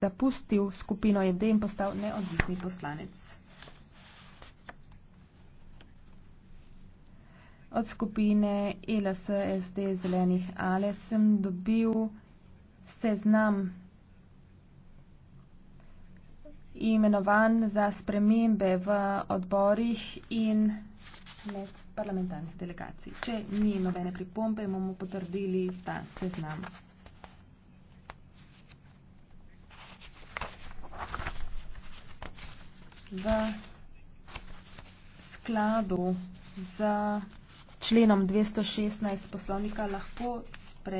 zapustil skupino JD in postal neodvisni poslanec. Od skupine ELS SD zelenih ALE sem dobil seznam imenovan za spremembe v odborih in med parlamentarnih delegacij. Če ni nobene pripombe, bomo potrdili ta seznam. v skladu z členom 216 poslovnika lahko